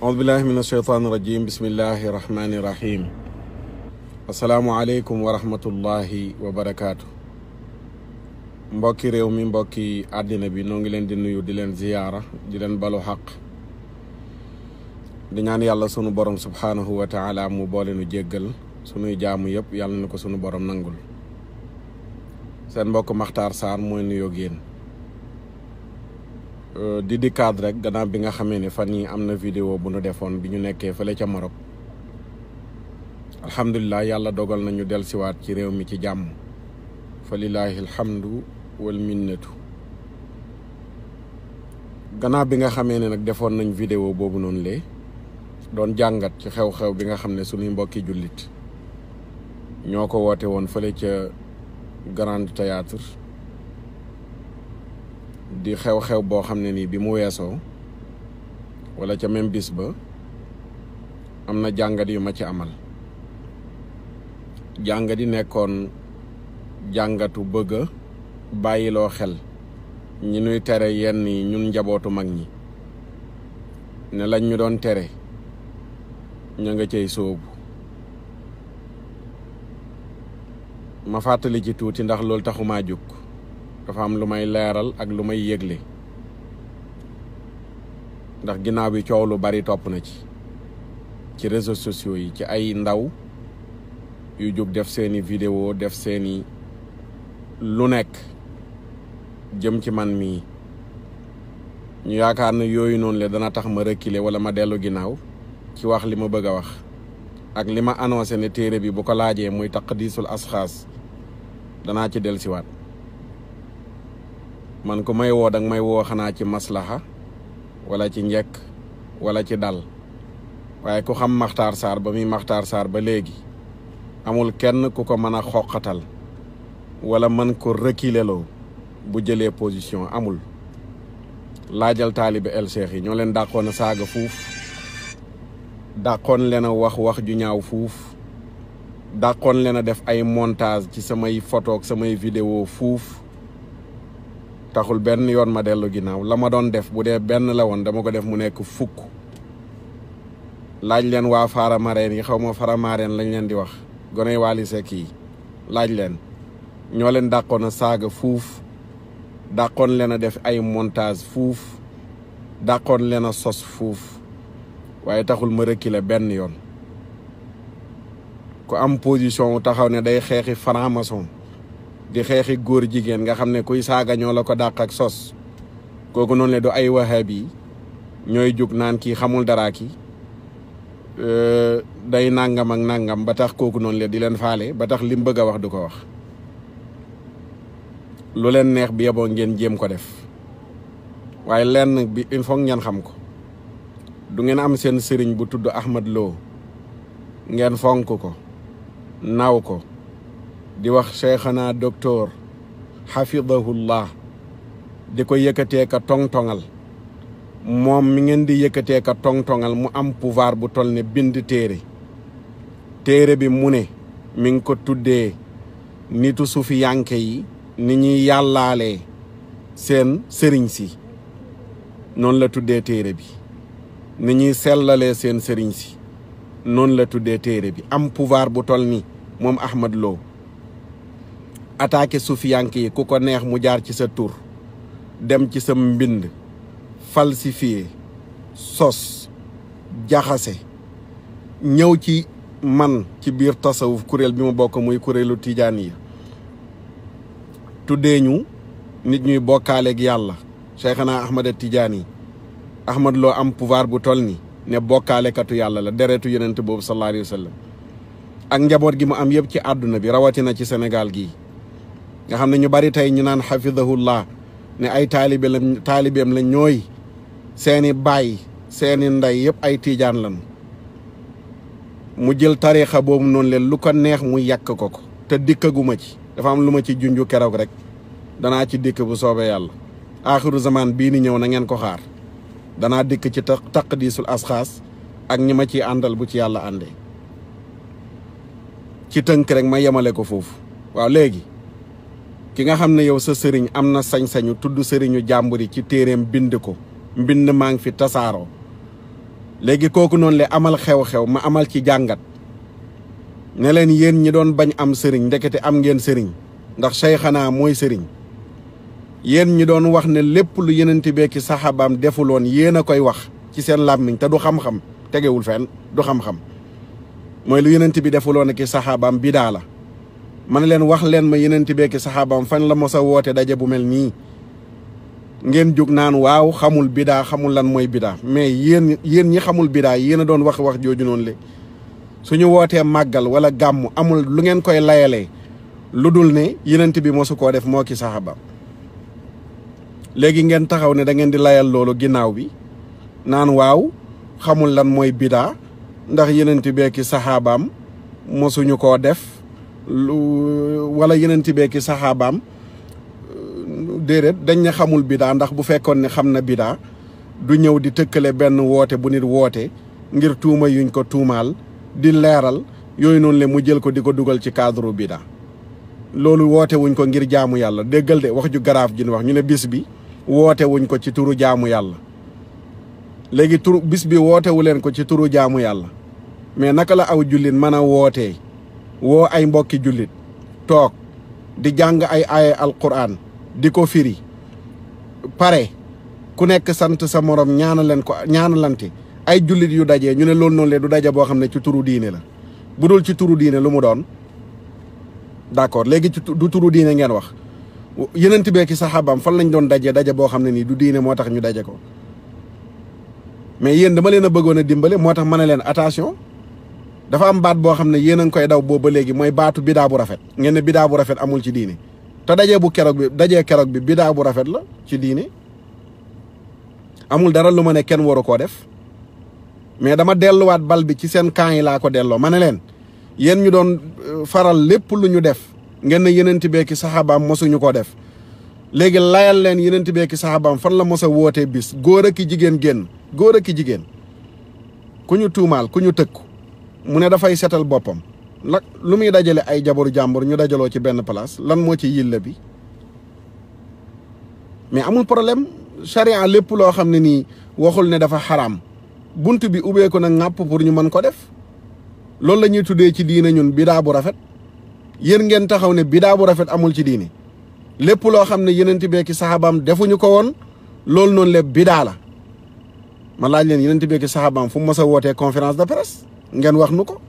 audu billahi min asheytaani rajim bismillahi rahmaani rahim asalaamualeykum wa rahmatullahi wa barakaatu mbokki réew mi mbokki àddina bi noo ngi leen di nuyu di leen ziyaara di leen balu xaq di ñaan yàlla sunu borom subhaanahu wa mu boole nu jéggal sunuy jaamu yépp yàlla na ko sunu borom nangul seen mbokk Makhtar Sarr mooy nuyoog yéen Euh, di di cadre rek gannaaw bi nga xamee ni fan yi am na vidéo bu nu defoon bi ñu nekkee fële ca Maroc alhamdulilah yàlla dogal nañu siwaat ci réew mi ci jàmm fa lillaahi alhamdu wal minnatu gannaaw bi nga xamee ne nag defoon nañ vidéo boobu noonu lee doon jàngat ci xew-xew bi nga xam ne suñuy mbokki jullit ñoo ko woote woon fële ca Grand Théâtre di xew-xew boo xam ne nii bi mu weesoo wala ca même bis ba am na jàngat yu ma ci amal jàngat yi nekkoon jàngatu bëgg a bàyyiloo xel ñi nuy tere yenn yi ñun njabootu mag ñi ne lañ ñu doon tere ña nga cey sóobu ma fàttali ci tuuti ndax loolu taxu taxumaa jóg dafa am lu may leeral ak lu may yëgle ndax ginnaaw bi coow lu bari topp na ci ci réseaux sociaux yi ci ay ndaw yu jóg def seeni vidéo def seeni lu nekk jëm ci man mii ñu yaakaar ne yooyu noonu leen dana tax ma reculer wala ma dellu ginnaaw ci wax li ma bëgg a wax ak li ma annoncé ne téere bi bu ko laajee muy taqdiisul asxaas danaa ci dellusiwaat man ku may woo danga may woo xanaa ci maslaha walla ci njekk wala ci dal waaye ku xam Maxtaar Sarr ba muy Maxtaar Sarr ba léegi amul kenn ku ko mën a xoqatal wala mën ko reculeloo bu jëlee position amul laajal taalibe el cheikh yi ñoo leen dàqoon a saaga fuuf dàqoon leen a wax wax ju ñaaw fuuf dàqoon leen a def ay montage ci samay photo ak samay vidéo fuuf taxul benn yoon ma dellu ginnaaw la ma doon def bu dee benn la woon dama ko def mu nekk fukk laaj leen waa Faramareen yi xaw ma Faramareen lañ leen di wax gone Wally Seck yi laaj leen ñoo leen dàqoon a saaga fuuf dàqoon leen a def ay montage fuuf dàqoon leen a sos fuuf waaye taxul ma reculer benn yoon ku am position taxaw ne day xeexi franc di xeexi góor jigéen nga xam ne kuy saaga ñoo la ko dàq ak sos kooku noonu le du ay wahabi yi ñooy jóg naan kii xamul dara ki day nangam ak nangam ba tax kooku noonu le di leen faale ba tax lim bëgg a wax du ko wax lu leen neex bi yeboo ngeen jéem ko def waaye lenn bi il foog ngeen xam ko du ngeen am seen sëriñ bu tudd Ahmad Lo ngeen fonk ko naaw ko di wax cheikhana docteur xafidahullah di ko yëkkatee ka tong moom mi ngeen di yëkkatee ka tong mu am pouvoir bu tol ne bind téere téere bi mu ne mi ngi ko tuddee nitu sufi yanke yi ni ñuy yàllaalee seen sëriñ si noonu la tuddee téere bi ni ñuy sellalee seen sëriñ si noonu la tuddee téere bi am pouvoir bu tol ni moom Ahmad Lo attaqué sufiyanke yi ku ko neex mu jaar ci sa tur dem ci sa mbind falsifié sos jaxase ñëw ci man ci biir tasawuf kuréel bi mu bokk muy kuréelu tijaan yi tuddee ñu nit ñuy bokkaaleeg yàlla Cheikhana Ahmada Tijaani Ahmad loo am pouvoir bu toll ni ne bokkaalekatu yàlla la deretu yonent boobu sallallahu alayhi ak njaboot gi mu am yëpp ci àdduna bi rawatina ci senegal gii nga xam ne ñu bari tey ñu naan laa ne ay la taalibeem la ñooy seeni baay seeni ndey yëpp ay tiijaan lañu mu jël tariixa boobu noonu leen lu ko neex mu yàkk ko ko te dikkaguma ci dafa am lu ma ci junju keroog rek danaa ci dikk bu soobee yàlla aaxiru zaman bii ni ñëw na ngeen ko xaar danaa dikk ci taqdiisul asxaas ak ñi ma ciy àndal bu ci yàlla àndee ci tënk rek ma yemale ko foofu waaw léegi ki nga xam ne yow sa sëriñ am na sañ-sañu tudd sëriñu jàmbur yi ci téereem bind ko mbind maa ngi fi tasaaroo léegi kooku noonu le amal xew-xew ma amal ci jàngat ne leen yéen ñi doon bañ am sëriñ ndekete am ngeen sëriñ ndax sey xanaa mooy sëriñ yéen ñi doon wax ne lépp lu yenente bee ki saxaabaam defuloon yéen a koy wax ci seen làmmiñ te du xam-xam tegewul fenn du xam-xam mooy lu yenente bi defuloon ak i saxaabaam bidaa la man leen wax leen ma yenenti bekki saxaabaam fan la mos a woote daje bu mel nii ngeen jóg naan waaw xamul bidaa xamul lan mooy bidaa mais yéen yéen ñi xamul bidaa yéen a doon wax wax jooju noonu le suñu wootee màggal wala gàmm amul lu ngeen koy layalee lu dul ne yenent bi mosu koo def moo ki saxaabaam léegi ngeen taxaw ne da ngeen di layal loolu ginnaaw bi naan waaw xamul lan mooy bidaa ndax yenent bekki saxaabaam mosuñu koo def wala yeneen tibeeki saxaabaam déedéet dañ ne xamul bidaa ndax bu fekkoon ne xam na bidaa du ñëw di tëkkale benn woote bu nit woote ngir tuuma yuñ ko tuumaal di leeral yooyu noonu leen mu jël ko di ko dugal ci cadre bidaa loolu woote wuñ ko ngir jaamu yàlla déggal de wax ju garaaf ji wax ñu ne bis bi woote wuñ ko ci turu jaamu yàlla léegi turu bis bi wootewu leen ko ci turu jaamu yàlla mais naka la aw jullit mën a wootee woo ay mbokki jullit toog di jàng ay aaye alquran di ko firi pare ku nekk sant sa moroom ñaana leen ko ñaanalante ay jullit yu dajee ñu ne loolu noonu lee du daje boo xam ne ci turu diine la bu dul ci turu diine lu mu doon d'accord léegi ci du turu diine ngeen wax yenent bee ki saxaabaam fan lañ doon daje daje boo xam ne nii du diine moo tax ñu daje ko mais yéen dama leen a a dimbale moo tax ma ne leen attention dafa am baat boo xam ne yéen a ngi koy daw boobu ba léegi mooy baatu bidaa bu rafet ngeen ne bidaa bu rafet amul ci diini te dajee bu keroog bi dajee keroog bi bidaa bu rafet la ci diini amul dara lu ma ne kenn waru koo def mais dama delluwaat bal bi ci seen camp yi laa ko delloo ma ne leen yéen ñu doon euh, faral lépp lu ñu def ngeen ne yeneen ti beeki saxaabaam mosuñu koo def léegi layal leen yeneen ti beeki saxaabaam fan la mos a wootee bis góor ak jigéen génn góor ak ki jigéen ku ñu tuumaal ku ñu tëkku mu ne dafay setal boppam la lu muy dajale ay jaboru jàmbur ñu dajaloo ci benn place lan moo ci yilla bi mais amul problème charia lépp loo xam ne nii waxul ne dafa xaraam bunt bi ubbeeku na ŋàpp pour ñu mën ko def loolu la ñuy tuddee ci diine ñun bidaa bu rafet yéen ngeen taxaw ne bidaa bu rafet amul ci diine lépp loo xam ne yenent bee ki saxaabaam defuñu ko woon loolu noonu lépp bidaa la ma laaj leen yenent bee ki saxaabaam fu mu mës a wootee conférence de presse ngeen wax nu ko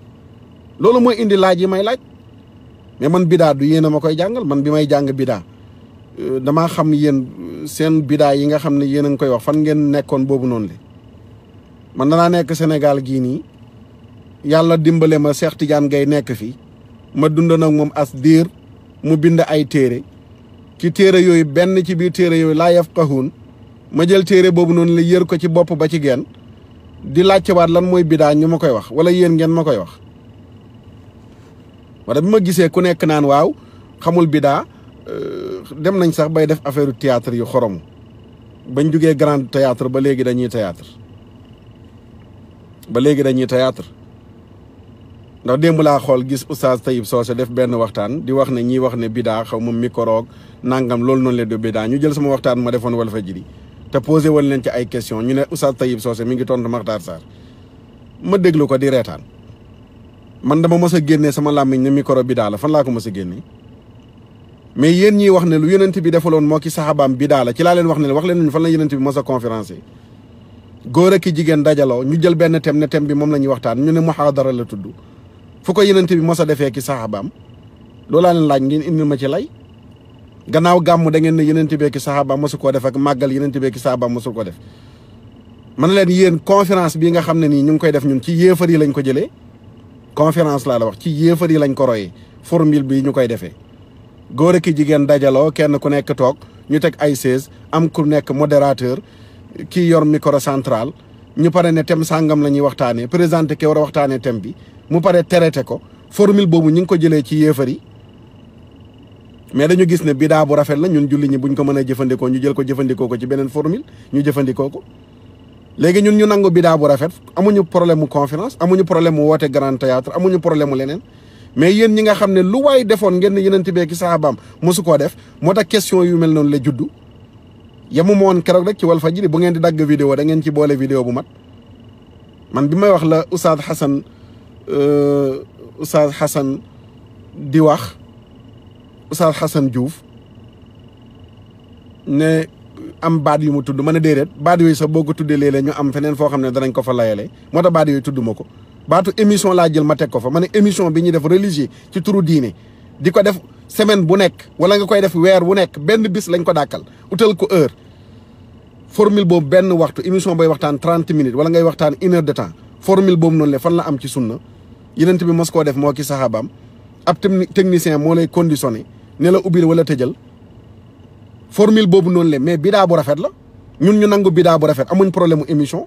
loolu mooy indi laaj yi may laaj mais man bidaa du yéen a ma koy jàngal man bi may jàng bidaa euh, dama xam yéen seen biddaa yi nga xam ne yéen a ngi koy wax fan ngeen nekkoon boobu noonu li man danaa nekk Sénégal gii nii yàlla dimbale ma Cheikh Tidiane Gaye nekk fi ma dund nag moom as diir mu bind ay téere ci téere yooyu benn ci biir téere yooyu laa yafqahuun ma jël téere boobu noonu la yër ko ci bopp ba ci genn di laajtewaat lan mooy biddaa ñu ma koy wax wala yéen ngeen ma koy wax wala bi ma gisee ku nekk naan waaw xamul bidaa euh, dem nañ sax bay def affaire théâtre yu xorom bañ jógee grande théâtre ba léegi dañuy théâtre ba léegi dañuy théâtre ndax démb laa xool gis oustaz soo Socé def benn waxtaan di wax ne ñiy wax ne bidaa xaw ma micro nangam loolu noonu la du bidaa ñu jël sama waxtaan ma defoon Walfadjri te posé woon leen ci ay question ñu ne Oustaz Taïb Socé mi ngi tontu Makhtar saar ma déglu ko di reetaan man dama mos a génnee sama làmmiñ ne micro bi daala fan laa ko mos a génnee mais yéen ñiy wax ne lu yonent bi defaloon moo ki saxabaam bi daala ci laa leen wax ne wax leen fan la yonent bi mos a conférence góor ak jigéen dajaloo ñu jël benn thème ne thème bi moom la ñuy waxtaan ñu ne muhaadara la tudd fu ko yonent bi mos a defee ki saxabaam loolaa leen laaj ngeen indi ma ci lay gannaaw gàmm da ngeen ne yeneen beeki saxaaba mosu koo def ak màggal yeneen beeki saxaaba mosu ko def man leen yéen conférence bii nga xam ne nii ñu ngi koy def ñun ci yéefar yi lañ ko jëlee conférence laa la wax ci yéefar yi lañ ko royee formule bi ñu koy defee góor ak jigéen dajaloo kenn ku nekk toog ñu teg ay seize am ku nekk modérateur kii yor micro central ñu pare ne thème sangam la ñuy waxtaanee présenté ke war a waxtaanee thème bi mu pare traité ko formule boobu ñu ngi ko jëlee ci yéefar yi mais dañu gis ne bidaa bu rafet la ñun julli ñi buñ ko mën a jëfandikoo ñu jël ko jëfandikoo ko ci beneen formule ñu jëfandikoo ko léegi ñun ñu nangu biddaa bu rafet amuñu problème mu conférence amuñu problème mu woote grand théâtre amuñu problème mu leneen mais yéen ñi nga xam ne lu waay defoon ngeen ne yeneen tibee ki saxaabaam mosu koo def moo tax question yu mel noonu la juddu yemu ma woon keroog rek ci Walfadjri bu ngeen di dagg vidéo da ngeen ci boole vidéo bu mat bi may wax la Oustaz Hassan euh, Oustaz Hassan di Oustaz Assane Diouf ne am baat yu mu tudd mën a déedéet baat yooyu sax boo ko tuddee léeg-léeg ñu am feneen foo xam ne danañ ko fa layalee moo tax baat yooyu tudd ma ko baatu émission laa jël ma teg ko fa ma ne émission bi ñuy def religieux ci turu diine di ko def semaine bu nekk wala nga koy def weer wu nekk benn bis lañ ko dàkkal utal ko heure formule boobu benn waxtu émission booy waxtaan trente minutes wala ngay waxtaan une heure de temps formule boobu noonu fan la am ci sunna yenent bi mos def moo ki saxaabaam ab technicien moo lay conditionné ne la ubbil wala tëjal formil boobu noonu le mais bidaa bu rafet la ñun ñu nangu bidaa bu rafet amuñ problème mu émission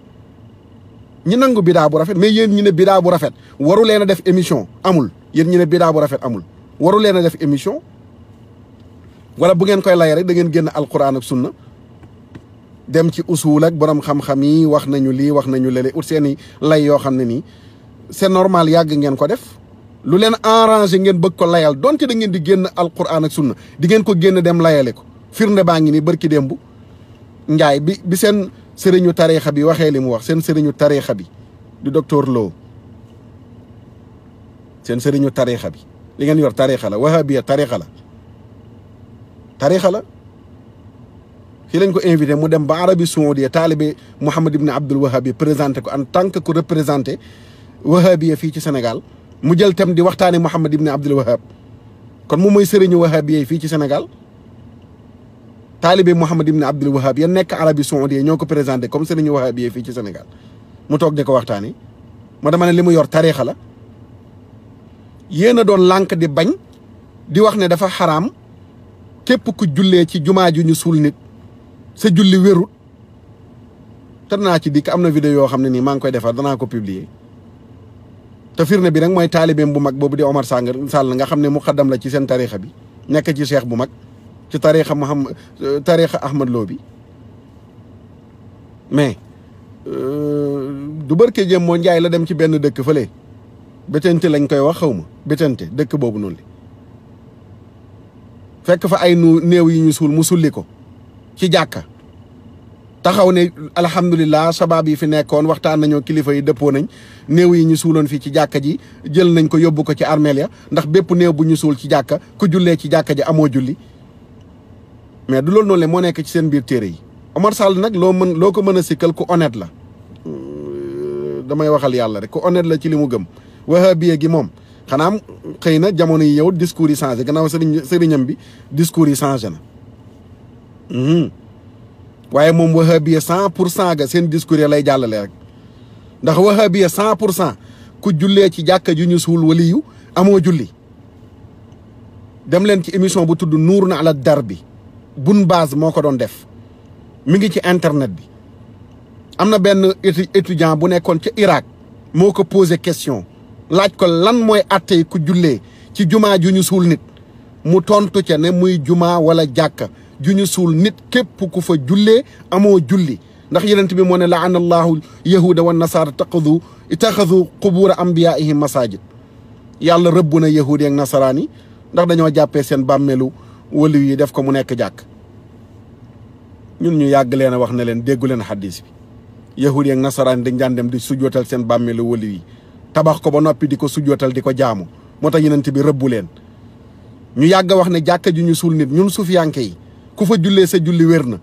ñu nangu biddaa bu rafet mais yéen ñu ne bidaa bu rafet waru leen a def émission amul yéen ñu ne bidaa bu rafet amul waru leen a def émission wala bu ngeen koy lay rek da ngeen génn alquran ak sunna dem ci usul ak borom xam-xam yi wax nañu lii wax nañu lële ut seen i lay yoo xam ne nii c'est normal yàgg ngeen ko def lu leen arrangé ngeen bëgg ko layal donte da ngeen di génn al alquran ak sunna di ngeen ko génn dem layale ko firnde baa ngi ni bërki démb njaay bi bi seen sëriñu tariixa bi waxee li mu wax seen sëriñu tariixa bi di docteur Lo seen sëriñu tariixa bi li ngeen yor tariixa la wahabiya tariixa la tariixa la fii lañ ko invité mu dem ba bi Saoudite taalibe Mouhamad ibn Abdul Wahab yi présenté ko en tant que ku représenté wahabiya fii ci Sénégal mu jël thème di waxtaane Mouhamed Ibn Abdul Wahab kon moom mooy sëriñu wahab yi fii ci Sénégal taalibe Mouhamed Ibn Abdul Wahab ya nekk Arabie Saoudite ñoo ko présenté comme sëriñu wahab yi fii ci Sénégal mu toog di ko waxtaane ma dama ne li mu yor tariixa la a doon lànk di bañ di wax ne dafa xaraam képp ku jullee ci jumaa ju ñu suul nit sa julli wérut te danaa ci dikk am na vidéo yoo xam ne nii maa ngi koy defar danaa ko publier te firnde bi nag mooy taalibeem bu mag boobu di Omar Sangar Sall nga xam ne mu xaddam la ci seen tariixa bi nekk ci seex bu mag ci tariixa Muhammad tarix Ahmad Lo bi euh, du barke jéem moo njaay la dem ci benn dëkk fële bétante lañ koy wax xaw ma bétante dëkk boobu noonu li fekk fa ay nu néew yi ñu suul mu sulli ko ci jàkka taxaw ne alhamdulilah sabaab yi fi nekkoon waxtaan nañoo kilifa yi dëppoo nañ néew yi ñu suuloon fii ci jàkka ji jël nañ ko yóbbu ko ci armeel ya ndax bépp néew bu ñu suul ci jàkka ku jullee ci jàkka ji amoo julli mais du lool noonu le moo nekk ci seen biir téere yi Omar Sall nag loo mën loo ko mën a sikkal ku honnête la euh, damay waxal yàlla rek ku honnête la ci li mu gëm wahabiya gi moom xanaam xëy na jamono yi yow discours yi changé gannaaw sëriñ bi discours changé na hmm. waaye moom wahabiya cent pour cent ga seen discours ya lay jàllale rek ndax wahabiya cent pour cent ku jullee ci jàkka ju ñu suul waliyu amoo julli dem leen ci émission bu tudd nuur na ala dar bi bun base moo ko doon def mi ngi ci internet bi am na benn étudiant bu nekkoon ca Irak moo ko posé question laaj ko lan mooy àttey ku jullee ci jumaa ju ñu suul nit mu tontu ca ne muy jumaa wala jàkka ju suul nit képp ku fa julle amoo julli ndax yenent bi moo ne la laana allahu yahuda wa nasaara taqadu itaxadu qubuura ambiyaihim masajid yàlla rëbb na yahuudi ak nasaraan yi ndax dañoo jàppee seen bàmmeelu waliw yi def ko mu nekk jàkk ñun ñu yàgg leen wax ne leen déggu leen xaddis bi yahuudi ak nasaraan yi dañ daan dem di sujjootal seen bàmmeelu waliw yi tabax ko ba noppi di ko sujjootal di ko jaamu moo tax yenent bi rëbbu leen ñu yàgg a wax ne jàkka ju ñu suul nit ñun sufiyanke yi ku fa jullee sa julli wér na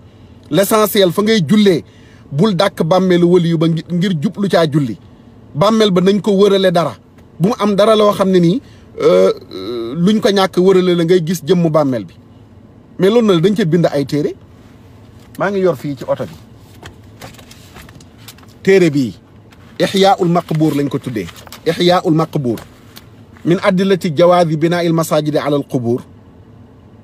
l'essentiel fa ngay jullee bul dàkk bàmmeelu waliyu ba ngir jublu caa julli bàmmeel ba nañ ko wërale dara bu mu am dara loo xam ne nii euh, euh, luñ ko ñàkk wërale la ngay gis jëmmu bàmmeel bi mais loolu na dañ ca bind ay téere maa ngi yor fii ci oto bi téere bii ixyaaul maqbuur lañ ko tuddee ixyaaul maqbuur min addilati jawaazi binaa il masaajidi ala al qubuur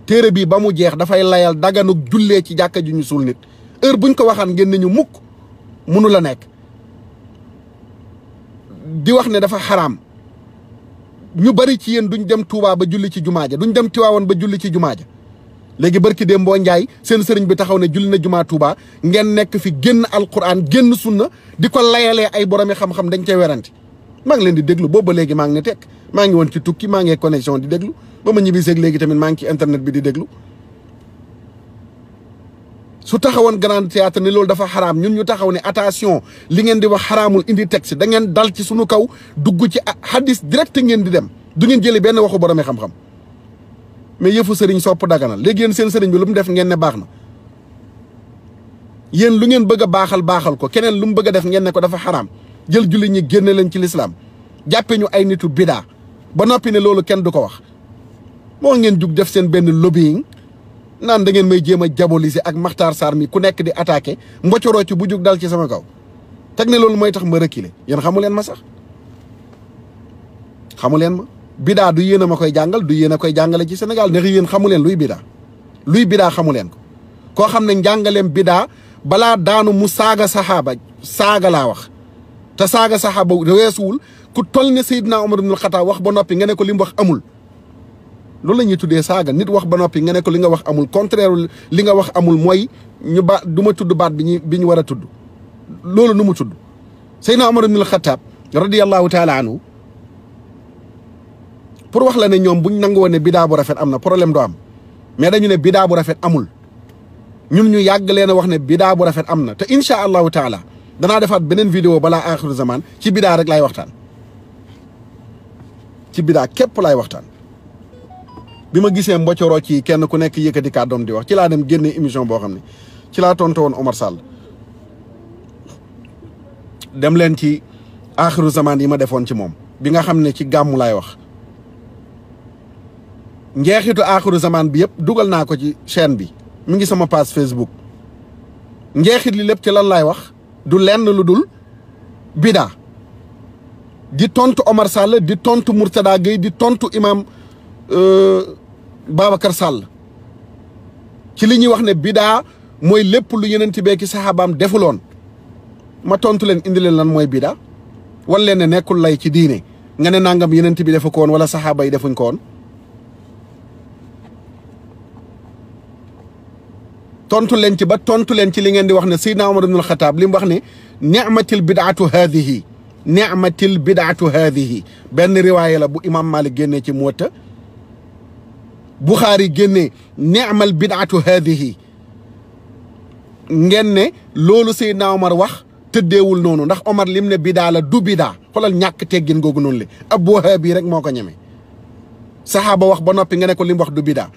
téere bii ba mu jeex dafay layal daganug jullee ci jàkka ju ñu suul nit heure buñ ko waxaan ngeen ñu mukk mënu la nekk di wax ne dafa xaraam ñu bari ci yéen duñ dem Touba ba julli ci jumaa ja duñ dem Tiwaawan ba julli ci jumaa ja léegi barki dem boo njaay seen sëriñ bi taxaw ne julli na jumaa Touba ngeen nekk fi génn alquran génn sunna di ko layalee ay boromi xam-xam dañ cay weranti maa ngi leen di déglu boobu ba léegi maa ngi ne tekk maa ngi woon ci tukki maa ngi connexion di déglu ba ma ñibbiseeg léegi tamit maa ci internet bi di déglu su taxawoon grand théâtre ne loolu dafa xaraam ñun ñu taxaw ne attention li ngeen di wax xaraamul indi texte da ngeen dal ci suñu kaw dugg ci hadis direct ngeen di dem du ngeen jëli benn waxu boroomi xam-xam mais yëfu sëriñ sopp daganal léegi yéen seen sëriñ bi lu mu def ngeen ne baax na yéen lu ngeen bëgg baaxal baaxal ko keneen lu mu bëgg def ngeen ne ko dafa xaraam jël julli ñi génne leen ci lislaam jàppe ñu ay nitu bidaa ba noppi ne loolu kenn du ko wax moo ngeen jug def seen benn lobbying naan dangeen may jéem a diaboliser ak Makhtar Sarr mi ku nekk di attaqué mbocoroo ci bu jug dal ci sama kaw teg ne loolu mooy tax ma reculer yéen xamu leen ma sax xamu leen ma bidaa du yéen a ma koy jàngal du yéen a koy jàngale ci Sénégal ndax yéen xamu leen luy bidaa luy bidaa xamu leen ko koo xam ne njàngaleem bidaa balaa daanu mu saaga saxaaba saaga laa wax te saaga saxaaba weesuwul ku toll ne Seydina Omar ibnul Xataab wax ba noppi nga ne ko li wax amul loolu la ñuy tuddee saaga nit wax ba noppi nga nekk li nga wax amul contraire li nga wax amul mooy ñu ba du ma tudd baat bi ñu bi ñu war a tudd loolu nu mu tudd Seydina Omar ibn al-Khattab radiyallahu taala anhu pour wax la ne ñoom buñ nangu woon ne bidaa bu rafet am na problème doo am mais dañu ne bidaa bu rafet amul ñun ñu yàgg leen a wax ne bidaa bu rafet am na te incha allahu taala danaa defaat beneen vidéo balaa axiru zaman ci bidaa rek laay waxtaan ci bidaa képp laay waxtaan bi ma gisee mbocoroo ci kenn ku nekk yëkkati kàddoom di wax ci laa dem génne émission boo xam ne ci laa tontu woon Omar dem leen ci aaxiru zamaan yi ma defoon ci moom bi nga xam ne ci gàmmu laay wax njeexitu aaxiru zamaan bi yëpp dugal naa ko ci chaîne bi mi ngi sama page Facebook njeexit li lépp ci lan laay wax du lenn lu dul bidaa di tontu Omar di tontu Mourtada Gueye di tontu imam euh, Babacar sàll ci li ñuy wax ne bidaa mooy lépp lu yeneen bee ki saxaabaam defuloon ma tontu leen indi leen lan mooy bidaa wan leen nekkul lay ci diine nga ne nangam yeneen bi defu ko woon wala saxaaba yi defuñ ko woon tontu leen ci ba tontu leen ci li ngeen di wax ne Seydina Omar ibnul Xataab li mu wax ne ni'matil bidaatu haadihi ni'matil bidaatu haadihi benn riwaaya la bu imaam Malik génnee ci Muwatta Buxaari génnee neemal bidaatu haadihi ngeen ne loolu Seydina Omar wax tëddeewul noonu ndax Omar lim ne la du bidaa xoolal ñàkk teggin googu noonu li ab booxee bii rek moo ko ñeme saxaa ba wax ba noppi nga ne ko lim wax du bidaa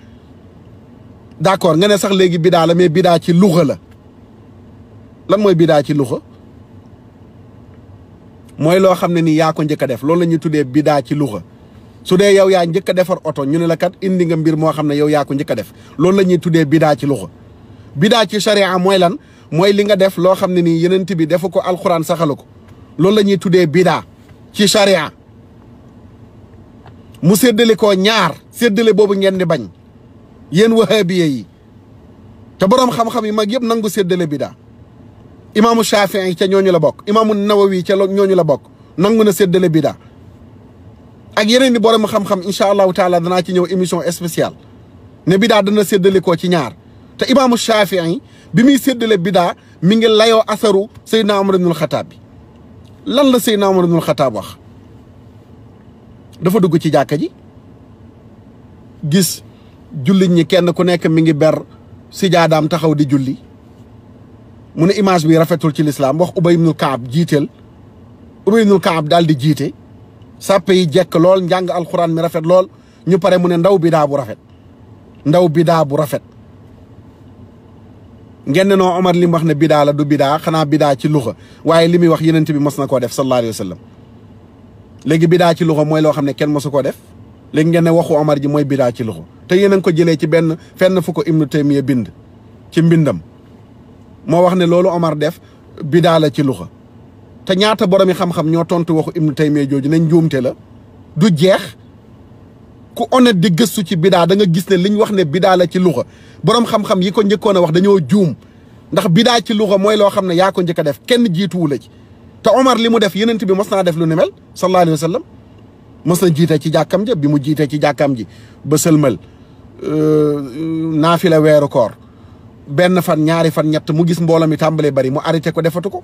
d'accord nga ne sax léegi bidaa la mais bidaa ci luxa la lan mooy bidaa ci luxa mooy loo xam ne nii yaa ko njëkk def loolu la ñuy tuddee bidaa ci luxa su dee yow yaa njëkk defar oto ñu ne la kat indi nga mbir moo xam ne yow yaa ko def loolu la ñuy tuddee bidaa ci luxa bidaa ci charia mooy lan mooy li nga def loo xam ne nii yenent bi defu ko alxuraan saxalu ko loolu la ñuy tuddee bidaa ci charia mu séddale ko ñaar séddale boobu ngeen di bañ yéen wahabiye yi te boroom xam-xam yi mag yëpp nangu séddale bidaa imaamu Shafii ca ñooñu la bokk imaamu Nawawi ca ñooñu la bokk nangu na séddale bidaa ak yeneen i borom xam-xam incha allahu taala danaa ci ñëw émission spéciale ne bidaa dana séddale ci ñaar te imaamu Shafii bi muy séddale bidaa mi ngi layoo asaru Seydina Omar ibnul Xataab bi lan la Seydina Omar ibnul Xataab wax dafa dugg ci jàkka ji gis jullit ñi kenn ku nekk mi ngi ber sijaadaam taxaw di julli mu ne image bi rafetul ci lislaam wax Ubay ibnul Kaab jiiteel Ubay ibnul Kaab daal di jiite sàppe yi jekk lool njàng alxuraan mi rafet lool ñu pare mu ne ndaw bidaa bu rafet ndaw bidaa bu rafet ngeen ne noo Omar li mu wax ne bidaa la du bidaa xanaa bidaa ci luxa waaye li muy wax yenent bi mos na koo def sallallahu alayhi wa sallam léegi bidaa ci luxa mooy loo xam ne kenn mosu koo def léegi ngeen ne waxu Omar ji mooy bidaa ci luxa te yeneen ko jëlee ci benn fenn fu ko Ibnu Taymiya bind ci mbindam moo wax ne loolu Omar def bidaa la ci luxa te ñaata boromi xam-xam ñoo tontu waxu ibnu taymiya jooju nañ njuumte la du jeex ku honnête di gëstu ci bidaa da nga gis ne liñ wax ne bidaa ci luxa boroom xam-xam yi ko njëkkoon a wax dañoo juum ndax bidaa ci luxa mooy loo xam ne yaa ko njëkk a def kenn jiituwu la ci te Omar li mu def yenent bi mos naa def lu ni mel sallallahu alayhi wa mos na jiite ci jàkkam ja bi mu jiite ci jàkkam ji ba sëlmal euh, naafila weeru koor benn fan ñaari fan ñett mu gis mbooloo mi tàmbalee bari mu arrêté ko defatu ko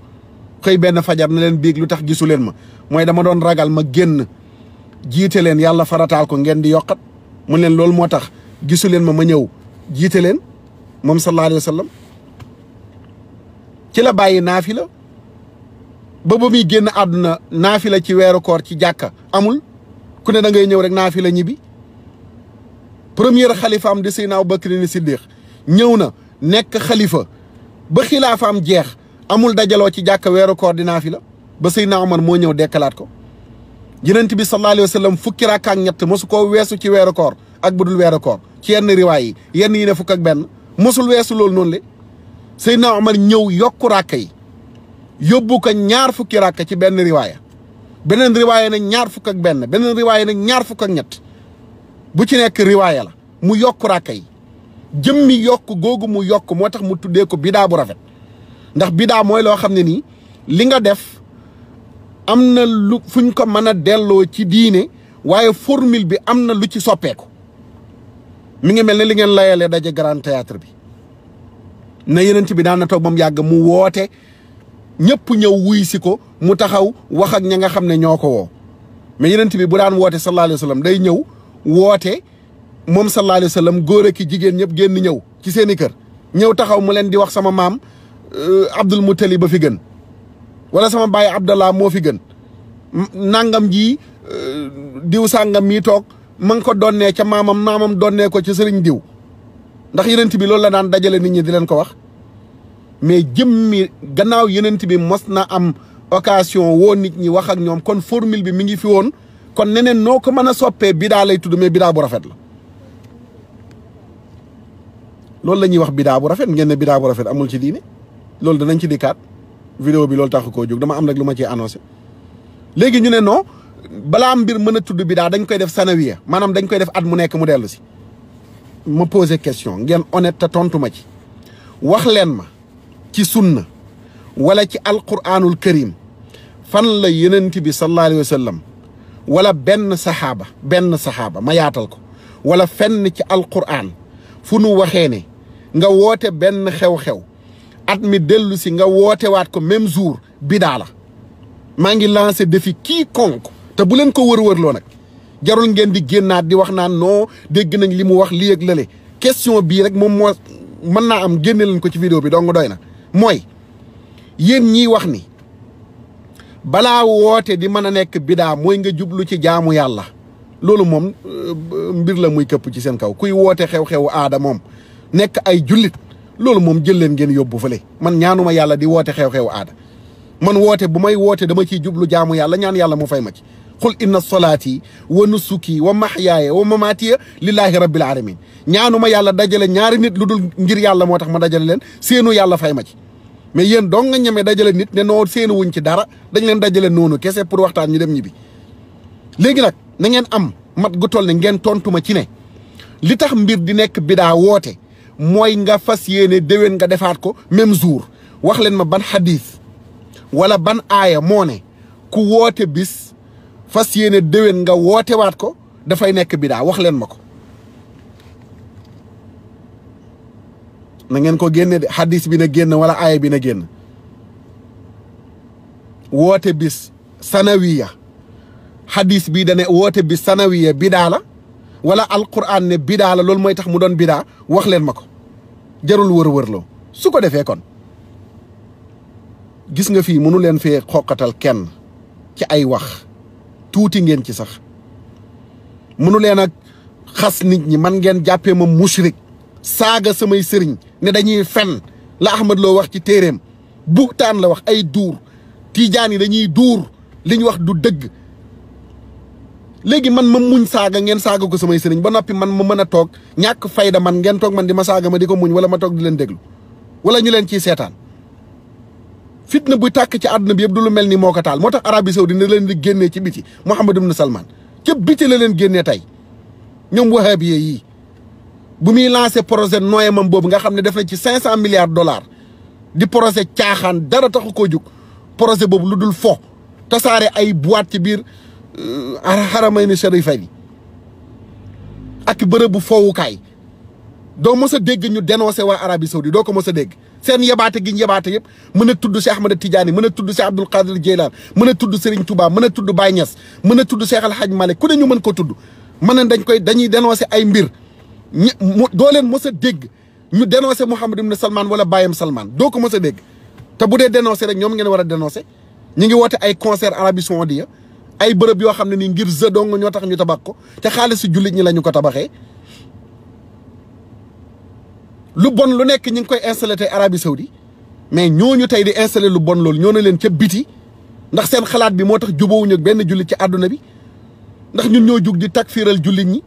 xëy benn fajar na leen biig lu tax gisuleen ma mooy dama doon ragal ma génn jiite leen yàlla farataal ko ngeen di yokkat mu leen loolu moo tax gisu leen ma ma ñëw jiite leen moom sallallahu alayhi ci la bàyyi naafi la ba ba muy génn àdduna naafi la ci weeru koor ci jàkka amul ku ne da ngay ñëw rek naafi la ñibbi premier xalifaam di Seydina Abubakar ni Siddiq ñëw na nekk xalifa ba xilaafaam jeex amul dajaloo ci jàkk weeru koor dinaa fi la ba Seydina Omar moo ñëw dekkalaat ko Yonent bi sallallahu alayhi fukki rakka ak ñett mosu koo weesu ci weeru koor ak bu dul weeru ci yenn riwaay yi yenn yi ne fukk ak benn mosul weesu lool noonu le Seydina Omar ñëw yokku rakka yi yóbbu ko ñaar fukki rakka ci benn riwaaya beneen riwaaya nag ñaar fukk ak benn beneen riwaaya nag ñaar fukk ak ñett bu ci nekk riwaaya la mu yokku rakka yi jëmmi yokk googu mu yokk moo tax mu tuddee ko bidaa bu rafet ndax bidaa mooy loo xam ne nii li nga def am na lu fuñ ko mën a delloo ci diine waaye formule bi am na lu ci soppeeku mi ngi mel ne li ngeen layalee daje grand théâtre bi na yeneen ci bi daan na toog moom yàgg mu woote ñëpp ñëw wuy si ko mu taxaw wax ak ña nga xam ne ñoo ko woo mais yeneen bi bu daan woote sallallahu alayhi wa sallam day ñëw woote moom sallallahu alayhi wa sallam góor ak jigéen ñëpp génn ñëw ci seeni kër ñëw taxaw mu leen di wax sama maam Euh, Abdul Muttalib ba fi gën wala sama baay Abdallah moo fi gën nangam ji euh, diw sàngam mii toog ma ngi ko donnee ca maamam maamam donnee ko ci sëriñ diw ndax yenent bi loolu la daan dajale nit ñi di leen ko wax mais jëmmi gannaaw yenent bi mos na am occasion woo nit ñi wax ak ñoom kon formule bi mi ngi fi woon kon neneen noo ko mën a soppee bidaa lay tudd mais bidaa bu rafet la loolu la ñuy wax bidaa bu rafet ngeen ne bidaa bu rafet amul ci diini loolu danañ ci dikkaat vidéo bi loolu tax koo jóg dama am nag lu ma ciy annoncé léegi ñu ne noo balaa mbir mën a tudd daal dañ koy def sanawiya maanaam dañ koy def at mu nekk mu dellu si ma posé question ngeen honnête te tontu ma ci wax leen ma ci sunna wala ci alquranul karim fan la yenent bi sallallahu alayhi wa wala benn saxaaba benn saxaaba ma yaatal ko wala fenn ci alquran fu nu waxee ne nga woote benn xew-xew at mi dellu si nga wootewaat ko même jour bidaa la maa ngi lancé kii konk te bu leen ko wër-wërloo nag jarul ngeen di génnaat di wax naan non dégg nañ li mu wax lii ak lële question bii rek moom moo mën naa am génne leen ko ci vidéo bi dong doy na mooy yéen ñiy wax ni balaa woote di mën a nekk bidaa mooy nga jublu ci jaamu yàlla loolu moom euh, mbir la muy këpp ci seen kaw kuy woote xew-xewu aada moom nekk ay jullit loolu moom jël leen ngeen yóbbu fële man ñaanuma yàlla di woote xew-xew aada man woote bu may woote dama ciy jublu jaamu yàlla ñaan yàlla moo fay ma ci qul inna solaati wa nusuki wa mahyaaya wa mamaatiya lillahi rabbil alamin ñaanuma yàlla dajale ñaari nit lu dul ngir yàlla moo tax ma dajale leen seenu yàlla fay ma ci mais yéen dong nga ñeme dajale nit ne noo seenu wuñ ci dara dañ leen dajale noonu kese pour waxtaan ñu dem ñibbi léegi nag na ngeen am mat gu toll ne ngeen tontu ma ci ne li tax mbir di nekk bidaa woote mooy nga fas yéene déwén nga defaat ko même jour wax leen ma ban xadiis wala ban aaya moone ku woote bis fas yéene déwén nga woote waat ko dafay nekk bidaa wax leen ma ko nangeen ko génne de xadiis bi génn wala aaya bi na génn woote bis sanawiya xadiis bi dane woote bis sanawiya bidaa la wala alquran ne bidaa la loolu mooy tax mu doon bidaa wax leen ma ko jarul wër-wër loo su ko defee kon gis nga fi mënu leen fee xoqatal kenn ci ay wax tuuti ngeen ci sax mënu leen ak xas nit ñi man ngeen jàppee ma mushrik saaga samay sëriñ ne dañuy fenn la Ahmad Lo wax ci téeréem taan la wax ay duur tiijaan yi dañuy duur li ñu wax du dëgg léegi man ma muñ saaga ngeen saaga ko samay sëriñ ba noppi man ma mën a toog ñàkk fayda man ngeen toog man di ma saaga ma di ko muñ wala ma toog di leen déglu wala ñu leen ciy seetaan fitna buy tàkk ci àdduna bi yëpp du lu mel ni moo ko taal moo tax Arabie Saoudite dina leen di génnee ci biti Mohammed ibn Salman ca biti la leen génnee tey ñoom wahabiye yii bu muy lancé projet noyemam boobu nga xam ne def na ci cinq cent milliards dollars di projet caaxaan dara taxu koo jug projet boobu lu dul fo tasaare ay boîte ci biir Euh, ah, xaramayni sharifayni ak bërëbu fowukaay doo mos a dégg ñu dénoncé waa Arabie Saoudi doo ko mos a dégg seen yebaate gi ñu yebaate yëpp mën a tudd Cheikh Ahmada Tidiane mën a tudd Cheikh Abdoul Qadir Jeylaan mën a tudd Serigne Touba mën a tudd baay Niass mën a tudd seexal Al Hadj Malick ku ne ñu mën ko tudd mën nañ dañ koy dañuy dénoncé ay mbir ñu doo leen mos dégg ñu dénoncé Mouhamed Ibn Salman wala Bayam Salman doo ko mos a dégg te bu dee dénoncé rek ñoom ngeen war a dénoncé ñu ngi woote ay concert Arabie Saoudi ay bërëb yoo xam ne nii ngir Zeu dong ñoo tax ñu tabax ko te xaalisu jullit ñi la ñu ko tabaxee lu bon lu nekk ñi ngi koy installé tey Arabie Saoudi mais ñooñu tey di installé lu bon loolu ñoo ne leen ca biti ndax seen xalaat bi moo tax jubóowuñu ak benn jullit ci àdduna bi ndax ñun ñoo jug di takfiiral jullit ñi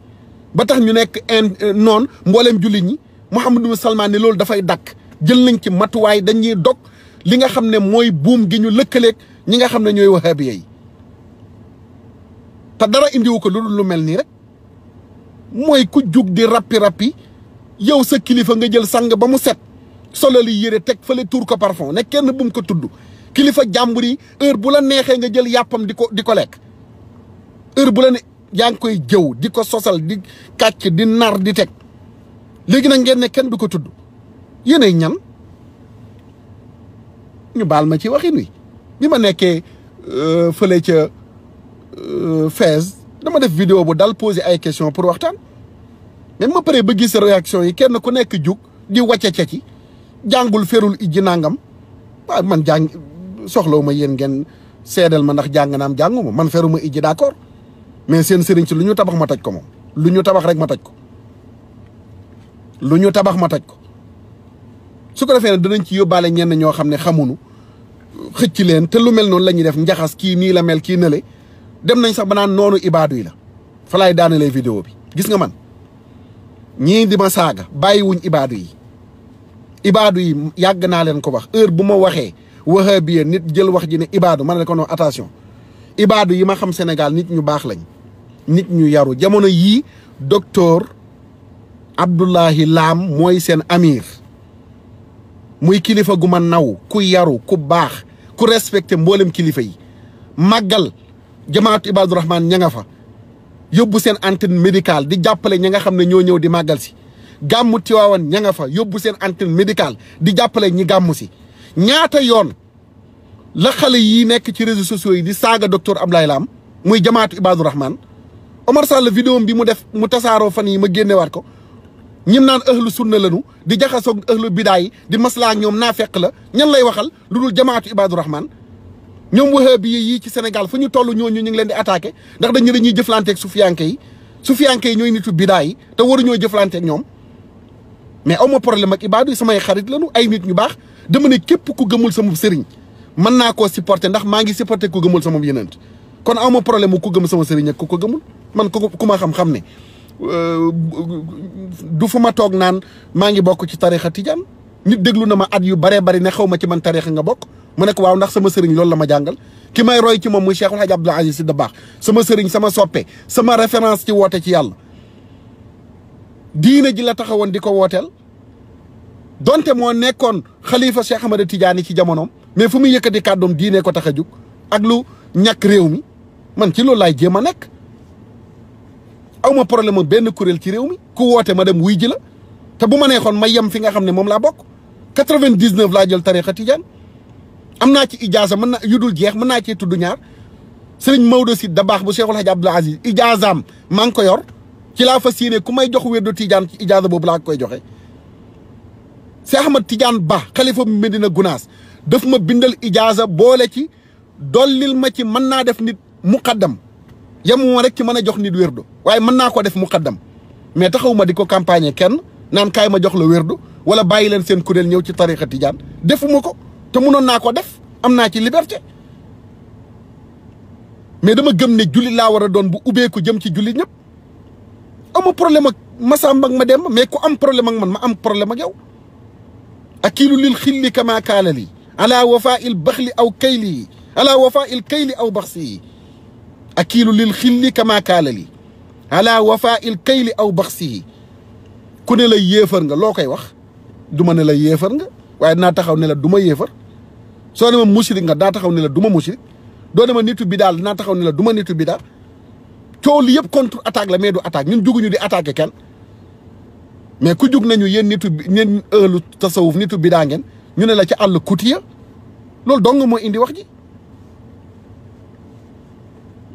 ba tax ñu nekk in euh, noon mbooleem jullit ñi Mouhamadou Salman ne loolu dafay dakk jël nañ ci matuwaay dañuy dog li nga xam ne mooy buum gi ñu lëkkaleeg ñi nga xam ne ñooy wahabiya yi te dara indiwu ko lu dul lu mel nii rek mooy ku jug di rappi rappi yow sa kilifa nga jël sang ba mu set solo yére teg fële tuur ko parfum ne kenn bum ko tudd kilifa jàmbur yi heure bu la neexee nga jël yàppam di ko di ko lekk heure bu la ne yaa ngi koy jëw di ko sosal di kàcc di nar di teg léegi nag ngeen ne kenn du ko tudd yéenay ñan ñu baal ma ci waxin wi bi ma nekkee euh, fële ca. Euh, fees dama def video bu dal poser ay question pour waxtaan mais ma pare ba gis réaction yi kenn ku nekk jug di wàcce ca ci jàngul ferul ijji nangam waaw man jàng soxlawu ma yéen ngeen seedal ma ndax jàng naam jàngu ma man feruma ijji d'accord mais seen sëriñ ci lu ñu tabax ma taj ko moom lu ñu tabax rek ma taj ko lu ñu tabax ma taj ko su ko defee ne dinañ ci yóbbaale ñenn ñoo xam ne xamuñu xëcc leen te lu mel noonu la ñuy def njaxas kii nii la mel kii nële dem nañ sax ba naan noonu ibaadu yi la fa laay daanalee vidéo bi gis nga man ñii di ma saaga bàyyiwuñ ibaadu yi ibaadu yi yàgg naa leen ko wax heure bu ma waxee waxee bi nit jël wax ji ne ibaadu ma ne ko non attention ibaadu yi ma xam Sénégal nit ñu baax lañ nit ñu yaru jamono yii docteur Abdoulahi laam mooy seen amir muy kilifa gu ma naw ku yaru ku baax ku respecté mboolem kilifa yi màggal. jamaatu Ibadu Rahman ña nga fa yóbbu seen antenne médicale di jàppale ñi nga xam ne ñoo ñëw di màggal si gàmmu Tiwaawan ña nga fa yóbbu seen antenne médicale di jàppale ñi gàmmu si ñaata yoon la xale yii nekk ci réseaux sociaux yi di saaga docteur Abdoulaye Lam muy jamaatu Ibadu Rahman Omar Sall vidéo bi mu def mu tasaaroo fan yi ma génnewaat ko ñim naan ëhlu sunna lanu di jaxasoog ëhlu bidaay di maslaa ñoom naa fekk la ñan lay waxal lu dul jamaatu Ibadu Rahman ñoom wahabiye yii ci Sénégal fu ñu toll ñoo ñu ngi leen di attaqué ndax dañu dañuy jëflanteeg sufiyanke yi sufiyanke yi ñooy nitu bidaa yi te waruñoo jëflanteeg ñoom mais aw ma problème ak ibaadu samay xarit lañu ay nit ñu baax dama ne képp ku gëmul sama sëriñ mën naa koo supporter ndax maa ngi supporter ku gëmul sama yeneen kon aw ma problème ku gëm sama sëriñ ak ku ko gëmul man ku ku ma xam-xam ne euh, du fu ma toog naan maa ngi bokk ci tarixa tijaan nit déglu na ma at yu baree bari ne xaw ma ci man tarixa nga bokk mu ne ko waaw ndax sama sëriñ loolu la ma jàngal ki may roy ci moom muy Cheikhul Hadj Abdoul Aziz Sy Dabakh sama sëriñ sama soppe sama référence ci woote ci yàlla diine ji la taxawoon di ko wooteel donte moo nekkoon xalifa Cheikh Ahmada Tidiane ci jamonoom mais fu muy yëkkati kàddoom diine ko tax a jug ak lu ñàkk réew mi man ci loolu laay jéem a nekk aw ma problème benn kuréel ci réew mi ku woote ma dem wuy ji la te bu ma neexoon ma yem fi nga xam ne moom laa bokk 99 laa jël tarixa Tidiane am naa ci ijaasa mën na yu jeex mën naa cee tudd ñaar sëriñ Maodo Si baax bu Cheikhul Hadj Abdoul Aziz ijaasaam maa ngi ko yor ci laa fas yéene ku may jox wérdu Tijaan ci ijaasa boobu laa koy joxe. Cheikh Ahmad Tijaan Ba xalifa na Gunaas daf ma bindal ijaasa boole ci dollil ma ci mën naa def nit muqaddam yemuma rek ci mën a jox nit wérdu waaye mën naa ko def muqaddam mais taxaw ma di ko campagne kenn naan kaay ma jox la wérdu wala bàyyi leen seen kuréel ñëw ci tariqa Tijaan defuma ko. te mënoon naa ko def am naa ci liberté mais dama gëm ne jullit laa war a doon bu ubbeeku jëm ci julli ñëpp amu problème masa Masamba ak ma dem mais ku am problème ak man ma am problème ak yow akilu lil xilli kama kaala lii ala wafa il baxli aw kayli ala wafa il kayli aw baxsi akilu lil xilli kama kaala lii ala il kayli aw baxsi ku ne la yéefar nga loo koy wax du ma ne la yéefar nga waaye naa taxaw ne la du ma yéefar soo ne ma musirik nga daa taxaw ne la du ma musirik doo ne ma nitu bi daal dinaa taxaw ne la du ma nitu bi daal coow li yëpp contre attaque la mais du attaque ñun juguñu di attaqué kenn mais ku jug nañu yéen nit bi ñeen ëllu tasawuf nitu bidaa ngeen ñu ne la ci àll kutiya loolu dong moo indi wax ji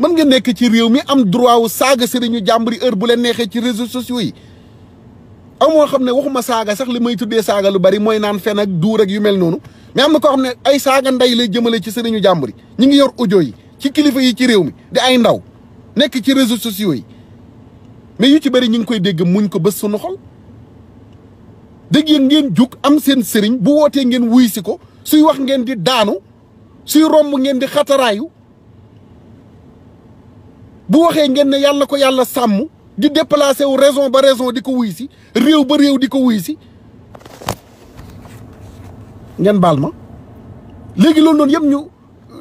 mën nga nekk ci réew mi am droit wu saaga sëriñu jàmbari heure bu leen neexee ci réseaux sociaux yi amoo xam ne waxuma saaga sax li may tuddee saaga lu bari mooy naan fen ak duur ak yu mel noonu mais am na koo xam ne ay saaga ndey lay jëmale ci sëriñu jàmbur yi ñu ngi yor audio yi ci kilifa yi ci réew mi di ay ndaw nekk ci réseau sociaux yi mais yu ci bari ñu ngi koy dégg muñ ko bés sunu xol dégg yéen ngeen jug am seen sëriñ bu wootee ngeen wuy si ko suy wax ngeen di daanu suy romb ngeen di xataraayu bu waxee ngeen ne yàlla ko yàlla sàmm di déplacé wu raison ba raison di ko wuy si réew ba réew di ko wuy si ngeen baal ma léegi loolu noonu yëpp ñu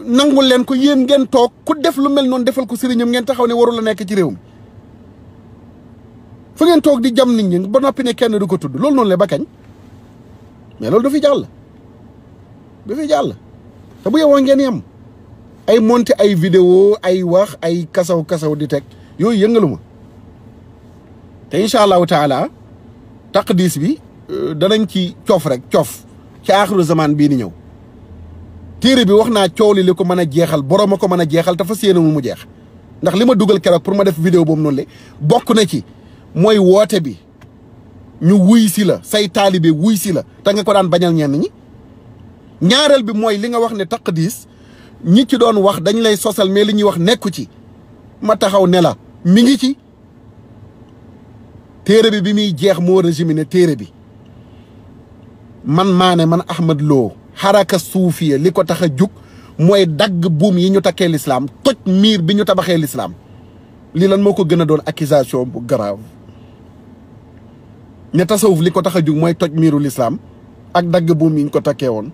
nangul leen ko yéen ngeen toog ku def lu mel noonu defal ko sëriñam ngeen taxaw ne warul la nekk ci réew mi fa ngeen toog di jam nit ñi ba noppi ne kenn du ko tudd loolu noonu la ba kañ mais loolu du fi jàll du fi jàll te bu yowoo ngeen yem ay monté ay vidéo ay wax ay kasaw kasaw di teg yooyu yëngalu ma te incha allahu taala taqdis bi euh, danañ ci coof rek coof ci aaxiru bii ni ñëw téere bi wax naa coow li li ko mën a jeexal borom a ko mën a jeexal te fas yéene mu jeex ndax li ma dugal keroog pour ma def vidéo boobu noonu le bokk na ci mooy woote bi ñu wuy si la say taalibe wuy si la te nga ko daan bañal ñenn ñi ñaareel bi mooy li nga wax ne taqdis ñi ci doon wax dañu lay sosal mais li ñuy wax nekku ci ma taxaw ne la mi ngi ci téere bi bi muy jeex moo résumé ne téere bi man maa ne man Ahmed Lo xaraka suufiya li ko tax a jug mooy dagg buum yi ñu takkee lislaam toj miir bi ñu tabaxee lislaam lii lan moo ko gën a doon accusation bu grave ne tasawuf li ko tax a jug mooy toj miiru lislaam ak dagg buum yi ñu ko takkee woon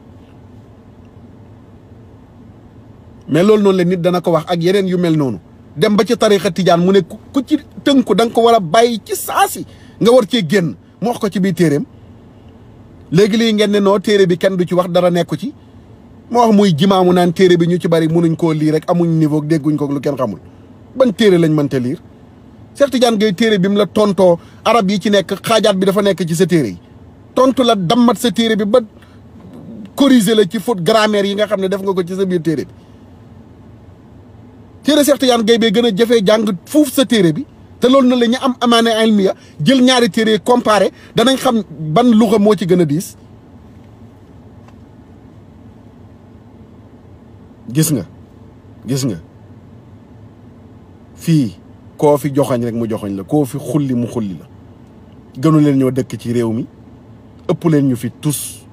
mais loolu noonu la nit dana ko wax ak yeneen yu mel noonu dem ba ci tarixa tijaan mu ne ku ci tënku ko nga ko war a bàyyi ci saasi nga war cee génn mu wax ko ci biir téeréem léegi lii ngeen ne noo téere bi kenn du ci wax dara nekku ci moo wax muy jimaamu naan téere bi ñu ci bari munuñ ko lii rek amuñ niveau dégguñ ko lu kenn xamul ban téere lañ mënta liir Cheikh Tidiane gay téere bi mu la tontoo arab yi ci nekk xaajaat bi dafa nekk ci sa téere yi tontu la dammat sa téere bi ba corriger la ci faute grammaire yi nga xam ne def nga ko ci sa biir téere Cheikh Tidiane gay bee gën a jafee jàng foofu sa téere bi te loolu na lañu am amaane ilmiya jël ñaari téere comparé danañ xam ban luxa moo ci gën a diis gis nga gis nga fii koo fi joxañ rek mu joxañ la koo fi xulli mu xulli la gënu leen ñoo dëkk ci réew mi ëpp leen ñu fi tus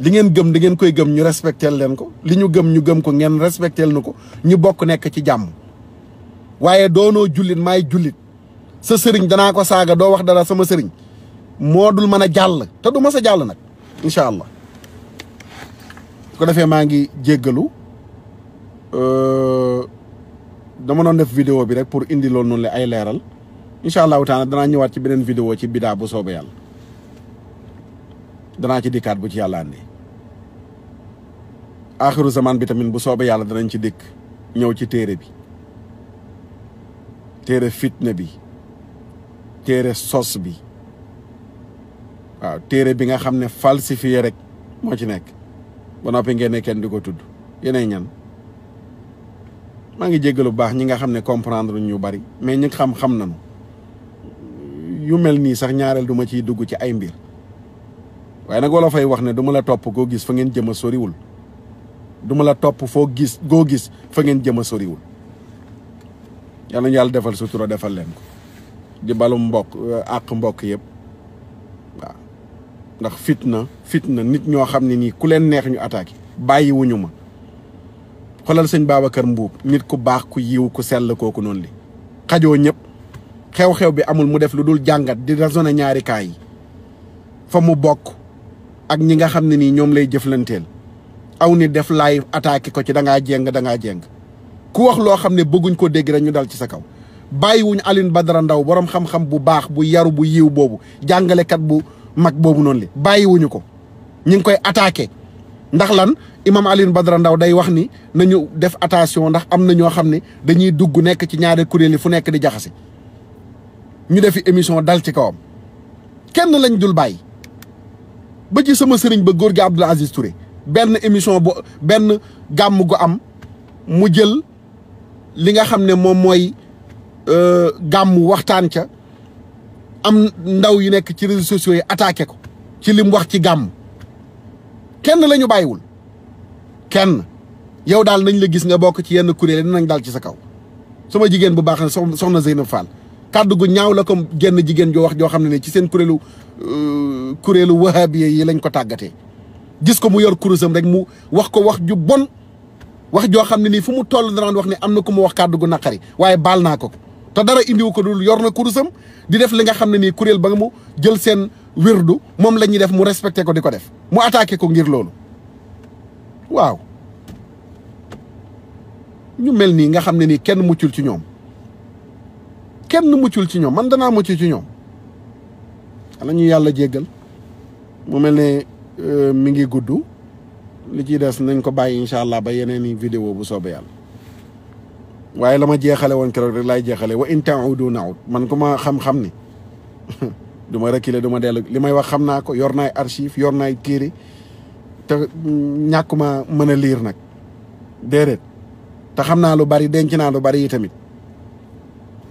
li ngeen gëm da ngeen koy gëm ñu respectel leen ko li ñu gëm ñu gëm ko ngeen respectel na ko ñu bokk nekk ci jàmm waaye doonoo jullit may jullit sa sëriñ danaa ko saaga doo wax dara sama sëriñ moo dul mën a jàll te du ma sa jàll nag incha allah su ko defee maa ngi jéggalu dama doon def vidéo bi rek pour indi loolu noonu leeral incha allahu danaa ñëwaat ci beneen vidéo ci bidaa bu soobee yàlla danaa ci dikkaat bu ci yàlla andi aaxiru zaman bi tamit bu soobee yàlla danañ ci dikk ñëw ci téere bi téere fitne bi téere sos bi waaw téere bi nga xam ne falsifié rek moo ci nekk ba noppi ngeen ne kenn du ko tudd yenee ñan maa ngi jéggalu bu baax ñi nga xam ne comprendre ñu bari mais ñi xam xam nañu yu mel nii sax ñaareel duma ciy dugg ci ay mbir waaye nag wala fay wax ne du la topp koo gis fa ngeen jëm a soriwul du ma la topp foo gis goo gis fa ngeen jëm a soriwul yal nañu yàlla defal sutura defal leen ko di balum mbokk eh, àq mbokk yëpp waaw ndax fitna fitna nit ñoo xam ne nii ku leen neex ñu attaqué bàyyiwuñu wuñu ma xoolal sëñ kër Mbuub nit ku baax ku yiw ku sell kooku noonu li xajoo ñépp xew-xew bi amul mu def lu dul jàngat di raisonné ñaari kaay yi fa mu bokk ak ñi nga xam ne nii ñoom lay jëflanteel aw ni def lay attaqué ko ci da ngaa jéng da jéng ku wax loo xam ne bëgguñ ko dégg rek ñu dal ci sa kaw bàyyiwuñ Alioune Badara ndaw borom xam-xam bu baax bu yaru bu yiw boobu jàngalekat bu mag boobu noonu li bàyyiwuñu ko ñu ngi koy attaqué ndax lan imam Alioune Badara ndaw day wax ni nañu def attention ndax am na ñoo xam ne dañuy dugg nekk ci ñaari kuréel yi fu nekk di jaxase ñu defi émission dal ci kawam kenn lañ dul bàyyi ba ci sama sëriñ ba góor gi Abdoul Aziz Touré benn émission bo benn gàmm gu am mu jël li nga xam ne moom mooy euh, gàmm waxtaan ca am ndaw yu nekk ci réseaux sociaux yi attaqué ko ci lim wax ci gàmm kenn la ñu bàyyiwul kenn yow daal nañ la gis nga bokk ci yenn kuréel nañ daal ci sa kaw sama jigéen bu baax ne soxna Zeynab Fall kàddu gu ñaaw la comme genn jigéen joo wax joo xam ne ne ci seen kuréelu Euh, kuréelu wahabiye yi lañ ko tàggatee gis ko mu yor kurusam rek mu wax ko wax ju bon wax joo xam ne nii fu mu toll danaan wax ne am na ku mu wax kàddu gu naqari waaye baal naa ko te dara indiwu ko dul yor na kurusam di def li nga xam ne nii kuréel ba nga mu jël seen wirdu moom la ñuy def mu respecté ko di ko def mu attake ko ngir loolu waaw ñu mel nii nga xam ne nii kenn muccul ci ñoom kenn muccul ci ñoom man danaa mucc ci ñoom ala ñu yàlla jéggal mu mel ne euh, mi ngi gudd li ci des nañ ko bàyyi incha allah ba yeneen i vidéo bu soobee yàlla waaye la ma jeexale woon keroog rek laay jeexale wa in ta'udu na'ud man ku ma xam-xam ni duma ma reculer du dellu li may wax xam naa ko yor naay archive yor naay téere te mm, ñàkkuma mën a liir nag déedéet te xam naa lu bari denc naa lu bari tamit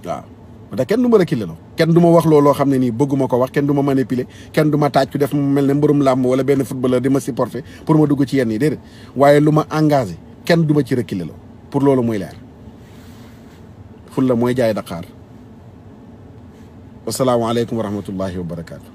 waaw te kenn du ma reculer kenn du ma wax looloo xam ne nii bëgguma ko wax kenn du ma manipuler kenn duma ma tàccu def mu mel ne mbërum làmb wala benn footballeur di ma supporter pour ma dugg ci yenn yi déedéet waaye lu ma engagé kenn du ma ci reculer loo pour loolu muy leer ful la mooy jaay Dakar wasalaamaaleykum wa rahmatullahi wa barakaatu.